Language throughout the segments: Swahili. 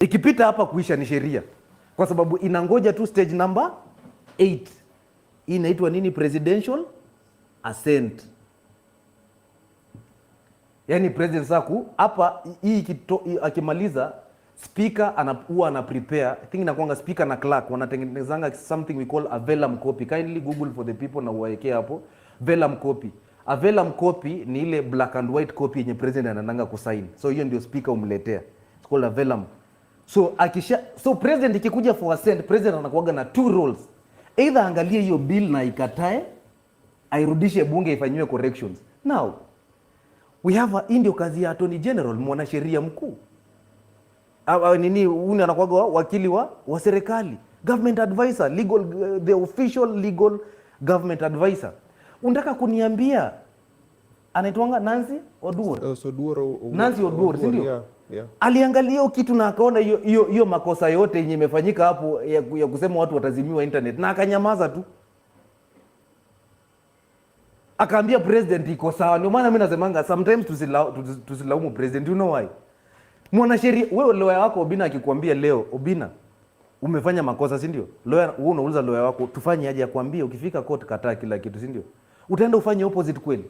Ikipita hapa kuisha ni sheria, kwa sababu inangoja tu stage number 8 hii inaitwa nini? Presidential assent. Yani president saku hapa hii akimaliza speaker anakuwa ana prepare I think inakuanga speaker na clerk wanatengenezanga something we call a vellum copy. Kindly google for the people na uwaekee hapo vellum copy. A vellum copy ni ile black and white copy yenye president anananga kusign, so hiyo ndio speaker umletea, it's called a vellum So akisha so president ikikuja for assent, president anakuaga na two roles, either angalie hiyo bill na ikatae, airudishe bunge ifanyiwe corrections. Now we have a, indio kazi ya attorney general, mwanasheria mkuu nini huni anakuaga wakili wa, wa serikali government advisor legal, uh, the official legal government advisor. Unataka kuniambia anaitwanga Nancy Oduor, oh, so, Nancy Oduor, si yeah yeah. Aliangalia kitu na akaona hiyo makosa yote yenye imefanyika hapo ya, ya kusema watu watazimiwa internet na akanyamaza tu, akaambia president iko sawa. Ndio maana mimi nasemanga sometimes tusilaumu tusila president, you know why? Mwanasheria wewe, loya wako Obina akikwambia leo, Obina umefanya makosa, si ndio? loya wewe unauliza loya wako tufanye aje, akwambie ukifika court kataa kila kitu, si ndio? Utaenda ufanye opposite kweli?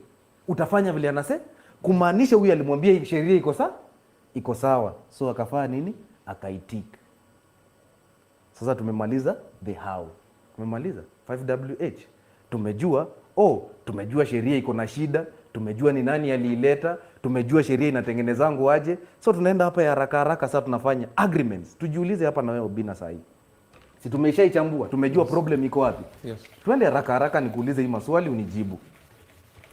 Utafanya vile anase, kumaanisha huyu alimwambia sheria iko sawa iko sawa, so akafaa nini, akaitika. Sasa tumemaliza the how, tumemaliza 5wh, tumejua oh, tumejua sheria iko na shida, tumejua ni nani aliileta, tumejua sheria inatengenezangu aje. So tunaenda hapa ya haraka haraka, sasa tunafanya agreements. Tujiulize hapa na wewe Obinna, sahii si ichambua tumejua yes. problem iko wapi yes. Tuende haraka haraka, nikuulize hii maswali unijibu.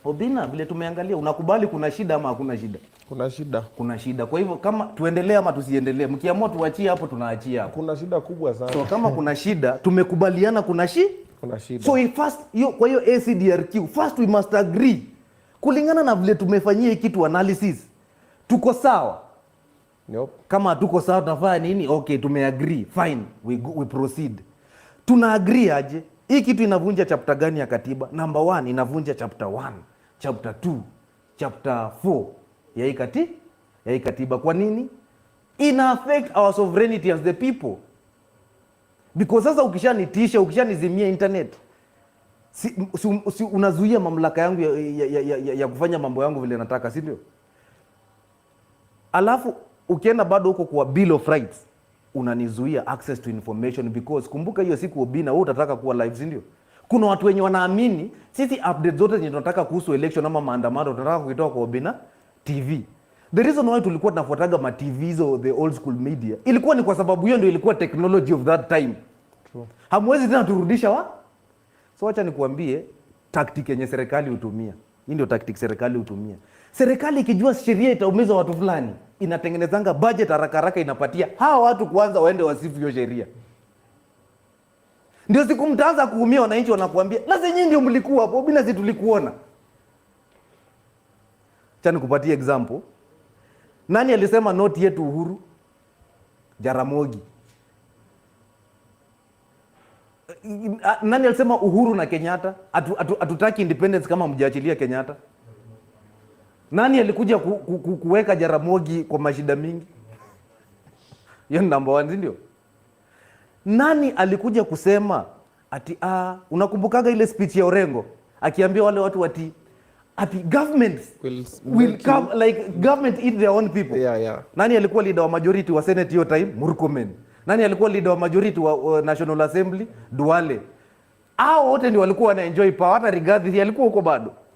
Obina, vile tumeangalia, unakubali kuna shida ama hakuna shida? Kuna shida, kuna shida. Kwa hivyo kama tuendelee ama tusiendelee, mkiamua tuachie hapo, tunaachia hapo. Kuna shida kubwa sana. So kama kuna shida, tumekubaliana kuna shi kuna shida. So first hiyo, kwa hiyo ACDRQ first we must agree kulingana na vile tumefanyia kitu analysis, tuko sawa yep. Kama tuko sawa tunafanya nini? Okay, tumeagree fine, we, go, we proceed. Tuna agree aje hii kitu inavunja chapter gani ya katiba? Number one, inavunja chapter one chapter 2 chapter 4 ya hii kati ya hii katiba. Kwa nini ina affect our sovereignty as the people? Because sasa ukishanitisha, ukishanizimia internet si, si, si unazuia mamlaka yangu ya, ya, ya, ya, ya kufanya mambo yangu vile nataka, si ndio? Alafu ukienda bado huko kwa Bill of Rights unanizuia access to information because kumbuka hiyo siku ubina wewe utataka kuwa live, si ndio? kuna watu wenye wanaamini sisi update zote zenye tunataka kuhusu election ama maandamano tunataka kuitoa kwa Obina TV. The reason why tulikuwa tunafuataga ma TV zo the old school media ilikuwa ni kwa sababu hiyo ndio ilikuwa technology of that time. True. Hamwezi tena turudisha wa? So acha nikuambie tactic yenye serikali hutumia. Hii ndio tactic serikali hutumia. Serikali ikijua sheria itaumiza watu fulani, inatengenezanga budget haraka haraka, inapatia hawa watu kwanza waende wasifu hiyo sheria. Ndio siku mtaanza kuumia, wananchi wanakuambia na zenyewe ndio mlikuwa hapo, bina si tulikuona. Acha nikupatie example. Nani alisema noti yetu uhuru? Jaramogi. Nani alisema uhuru na Kenyatta? Hatutaki atu, atu, independence kama mjaachilia Kenyatta. Nani alikuja ku, ku, ku, kuweka Jaramogi kwa mashida mingi? Hiyo ni namba 1, ndio? Nani alikuja kusema ati ah, unakumbukaga ile speech ya Orengo akiambia wale watu ati ati government will, will come you. like government eat their own people yeah, yeah. Nani alikuwa leader wa majority wa Senate hiyo time? Murkomen. Nani alikuwa leader wa majority wa, uh, National Assembly? Duale. Hao wote ndio walikuwa wana enjoy power. Hata Rigathi alikuwa huko bado.